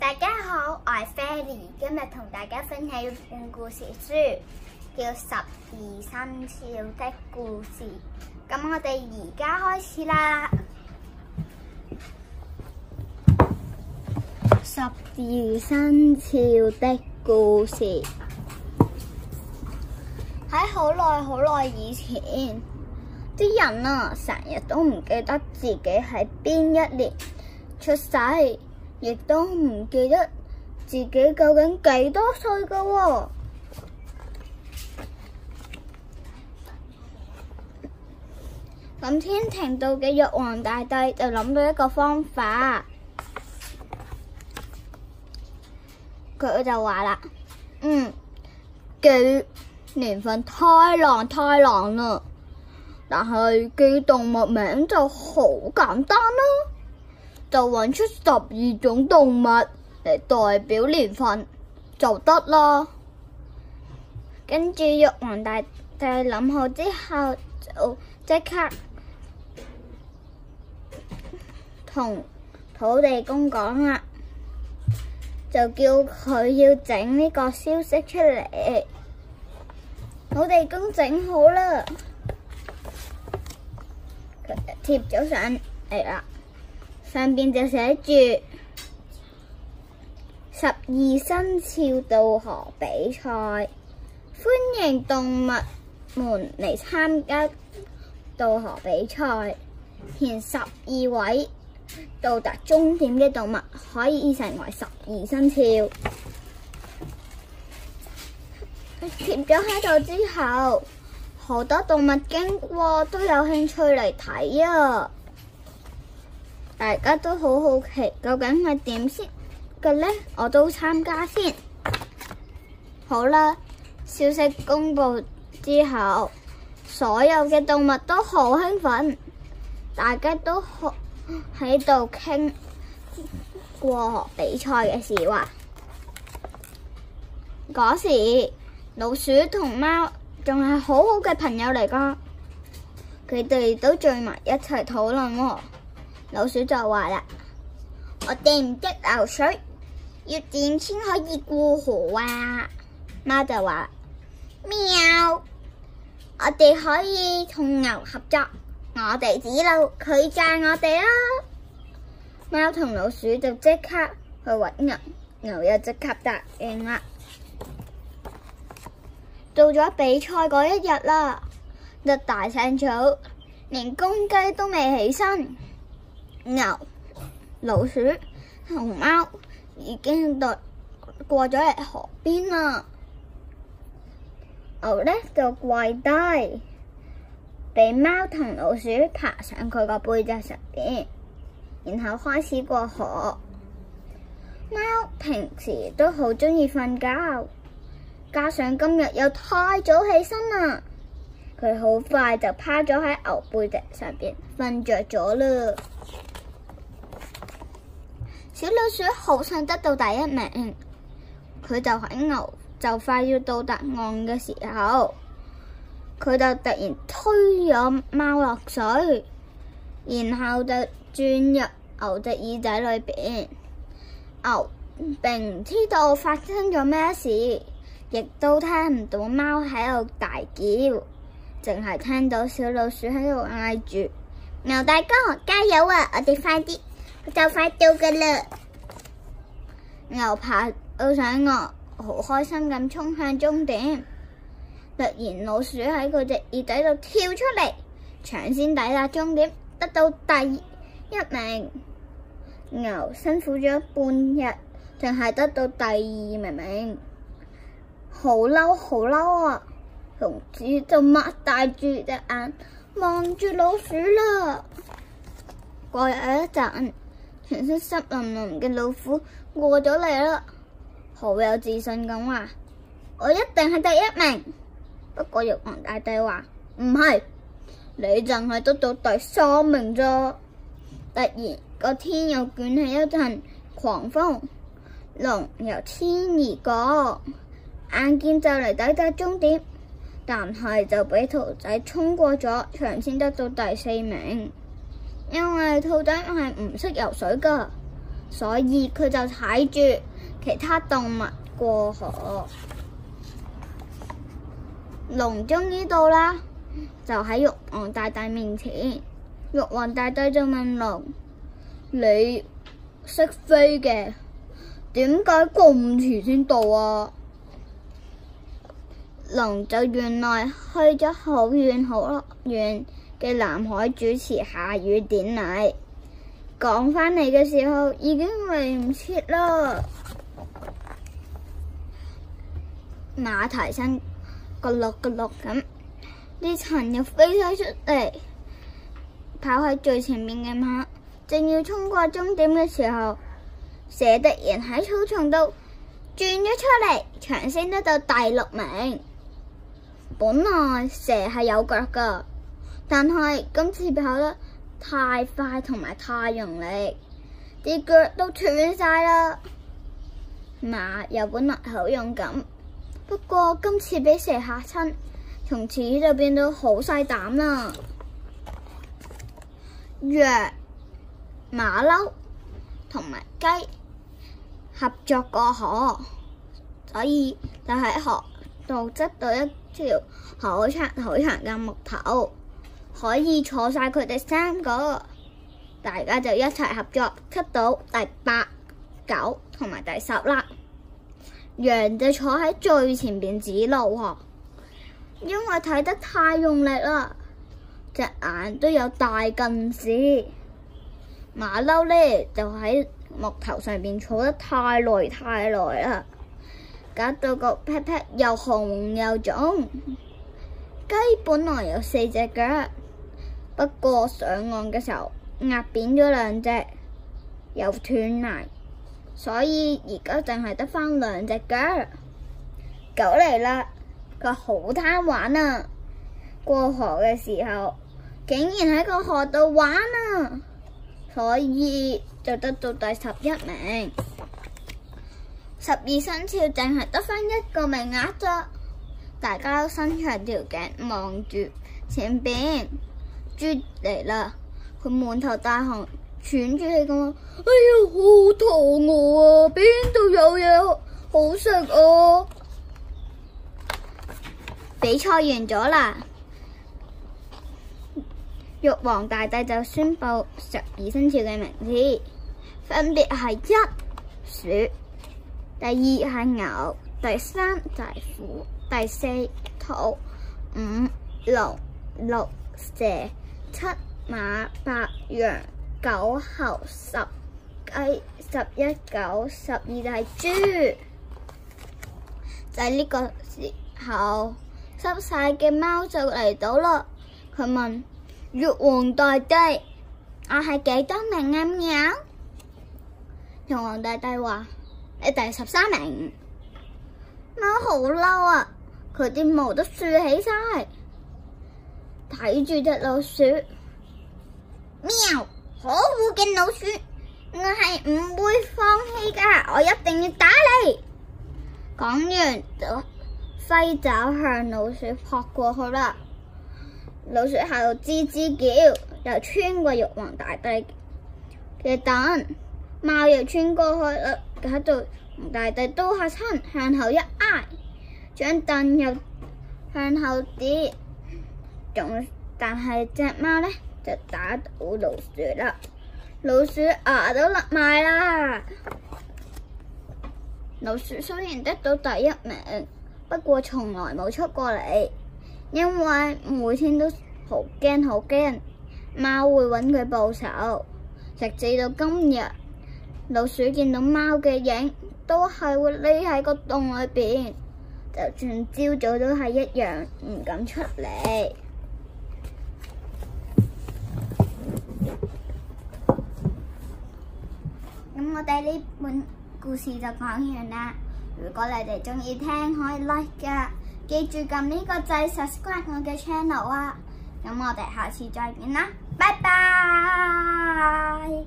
大家好，我係 Fely，今日同大家分享一本故事書，叫《十二生肖的故事》。咁我哋而家開始啦，《十二生肖的故事》。喺好耐好耐以前，啲人啊成日都唔記得自己喺邊一年出世。亦都唔記得自己究竟幾多歲㗎喎、哦。咁天庭度嘅玉皇大帝就諗到一個方法，佢就話啦：，嗯，記年份太難太難啦，但係記動物名就好簡單啦。就揾出十二種動物嚟代表年份就得囉。跟住玉皇大帝諗好之後，就即刻同土地公講啦，就叫佢要整呢個消息出嚟。土地公整好啦，貼咗上嚟啦。上面就寫住十二生肖渡河比賽，歡迎動物們嚟參加渡河比賽。前十二位到達終點嘅動物可以成為十二生肖。佢貼咗喺度之後，好多動物經過都有興趣嚟睇啊！大家都好好奇究竟係點先嘅咧，我都參加先。好啦，消息公布之後，所有嘅動物都好興奮，大家都喺度傾過比賽嘅事話。嗰時老鼠同貓仲係好好嘅朋友嚟噶，佢哋都聚埋一齊討論喎。老鼠就話啦：我哋唔識游水，要點先可以過河啊？貓就話：喵，我哋可以同牛合作，我哋指路，佢載我哋啦。貓同老鼠就即刻去搵牛，牛又即刻答應啦。到咗比賽嗰一日啦，一大清早，連公雞都未起身。牛、老鼠、同貓已經到過咗嚟河邊啦。牛呢就跪低，畀貓同老鼠爬上佢個背脊上邊，然後開始過河。貓平時都好中意瞓覺，加上今日又太早起身啦，佢好快就趴咗喺牛背脊上邊瞓着咗啦。小老鼠好想得到第一名，佢就喺牛就快要到達岸嘅時候，佢就突然推咗貓落水，然後就鑽入牛隻耳仔裏邊。牛並唔知道發生咗咩事，亦都聽唔到貓喺度大叫，淨係聽到小老鼠喺度嗌住，牛大哥，加油啊！我哋快啲。就快到噶啦！牛爬到上岸，好開心咁衝向終點。突然，老鼠喺佢隻耳仔度跳出嚟，搶先抵達終點，得到第一名。牛辛苦咗半日，淨係得到第二名，明明好嬲好嬲啊！熊子就擘大住隻眼望住老鼠啦。過一陣。全身濕淋淋嘅老虎過咗嚟啦，好有自信咁話：我一定係第一名。不過玉皇大帝話：唔係，你淨係得到第三名啫。突然個天又捲起一陣狂風，龍由天而降，眼見就嚟抵達終點，但係就俾兔仔衝過咗，長先得到第四名。因為兔仔係唔識游水噶，所以佢就踩住其他動物過河。龍終於到啦，就喺玉皇大帝面前。玉皇大帝就問龍：你識飛嘅，點解咁遲先到啊？龍就原來去咗好遠好遠。嘅南海主持下雨典禮，趕返嚟嘅時候，已經嚟唔切啦。馬蹄聲嗰落嗰落咁，啲塵又飛晒出嚟，跑去最前面嘅馬正要衝過終點嘅時候，蛇突然喺草叢度轉咗出嚟，搶先得到第六名。本來蛇係有腳噶。但係今次跑得太快同埋太用力，啲腳都斷晒啦。馬又本來好勇敢，不過今次畀蛇嚇親，從此就變到好細膽啦。若馬騮同埋雞合作過河，所以就喺河度執到一條好長好長嘅木頭。可以坐晒佢哋三個，大家就一齊合作，出到第八、九同埋第十啦。羊就坐喺最前邊指路，因為睇得太用力啦，隻眼都有大近視。馬騮咧，就喺木頭上面坐得太耐太耐啦，搞到個屁屁又紅又腫。雞本來有四隻腳。不過上岸嘅時候壓扁咗兩隻，又斷埋，所以而家淨係得翻兩隻腳。狗嚟啦，佢好貪玩啊！過河嘅時候竟然喺個河度玩啊！所以就得到第十一名，十二生肖淨係得翻一個名額啫。大家都伸長條頸望住前邊。豬嚟啦！佢滿頭大汗，喘住氣咁講：哎呀，好肚餓啊！邊度有嘢好食啊？比賽完咗啦，玉皇大帝就宣布十二生肖嘅名字，分別係一鼠，第二係牛，第三就係虎，第四兔，五龍，六蛇。六七馬八羊九猴十雞十一狗，十二就係豬。就喺呢個時候，濕晒嘅貓就嚟到啦。佢問：玉皇大帝，我係幾多名啊？玉皇、啊嗯、大帝話：你、啊、第十三名？貓好嬲啊！佢啲毛都豎起晒。睇住隻老鼠，喵！可惡嘅老鼠，我係唔會放棄噶，我一定要打你！講完就揮爪向老鼠撲過去啦。老鼠喺度吱吱叫，又穿過玉皇大帝嘅凳，貓又穿過去啦。喺度，大帝都吓親，向後一挨，將凳又向後跌。但係隻貓咧就打到老鼠啦，老鼠牙都甩埋啦。老鼠雖然得到第一名，不過從來冇出過嚟，因為每天都好驚好驚，貓會揾佢報仇。直至到今日，老鼠見到貓嘅影，都係會匿喺個洞裏邊，就算朝早都係一樣，唔敢出嚟。咁我哋呢本故事就講完啦。如果你哋中意聽，可以 like 㗎。記住撳呢個掣，subscribe 我嘅 channel 啊。咁我哋下次再見啦，拜拜。